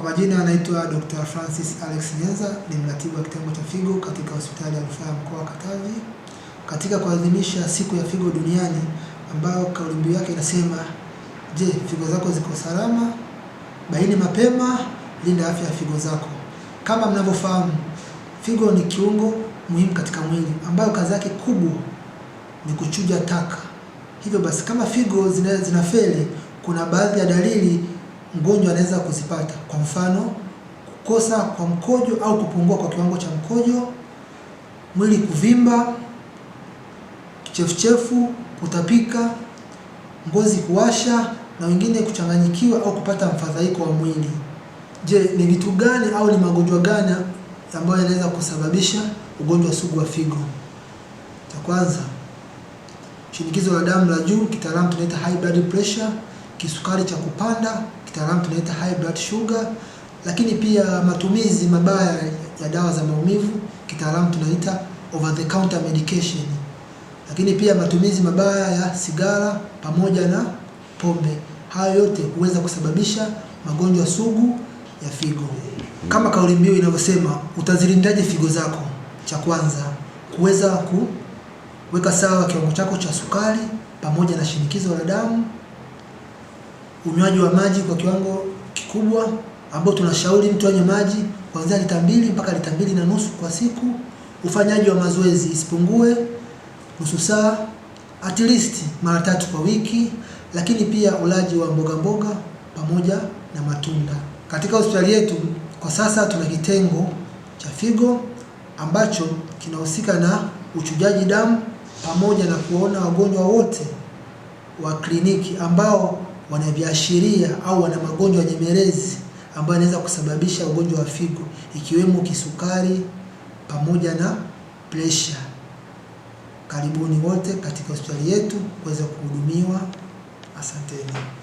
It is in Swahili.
Kwa majina anaitwa Dr. Francis Alex Nyenza, ni mratibu wa kitengo cha figo katika hospitali ya rufaa ya mkoa wa Katavi. Katika kuadhimisha siku ya figo duniani ambayo kauli mbiu yake inasema, je, figo zako ziko salama? Baini mapema, linda afya ya figo zako. Kama mnavyofahamu, figo ni kiungo muhimu katika mwili ambayo kazi yake kubwa ni kuchuja taka. Hivyo basi, kama figo zina, kuna baadhi ya dalili mgonjwa anaweza kuzipata, kwa mfano kukosa kwa mkojo au kupungua kwa kiwango cha mkojo, mwili kuvimba, kichefuchefu, kutapika, ngozi kuwasha na wengine kuchanganyikiwa au kupata mfadhaiko wa mwili. Je, ni vitu gani au ni magonjwa gani ambayo yanaweza kusababisha ugonjwa sugu wa figo? Cha kwanza, shinikizo la damu la juu, kitaalamu tunaita high blood pressure, kisukari cha kupanda kitaalamu tunaita high blood sugar, lakini pia matumizi mabaya ya dawa za maumivu kitaalamu tunaita over the counter medication, lakini pia matumizi mabaya ya sigara pamoja na pombe. Hayo yote huweza kusababisha magonjwa sugu ya figo. Kama kauli mbiu inavyosema, utazilindaje figo zako? Cha kwanza kuweza kuweka sawa kiwango chako cha sukari pamoja na shinikizo la damu unywaji wa maji kwa kiwango kikubwa, ambao tunashauri mtu anywe maji kuanzia lita mbili mpaka lita mbili na nusu kwa siku. Ufanyaji wa mazoezi isipungue nusu saa at least mara tatu kwa wiki, lakini pia ulaji wa mboga mboga pamoja na matunda. Katika hospitali yetu kwa sasa tuna kitengo cha figo ambacho kinahusika na uchujaji damu pamoja na kuona wagonjwa wote wa kliniki ambao wanaviashiria au wana magonjwa nyemelezi ambayo yanaweza kusababisha ugonjwa wa figo ikiwemo kisukari pamoja na presha. Karibuni wote katika hospitali yetu kuweza kuhudumiwa. Asanteni.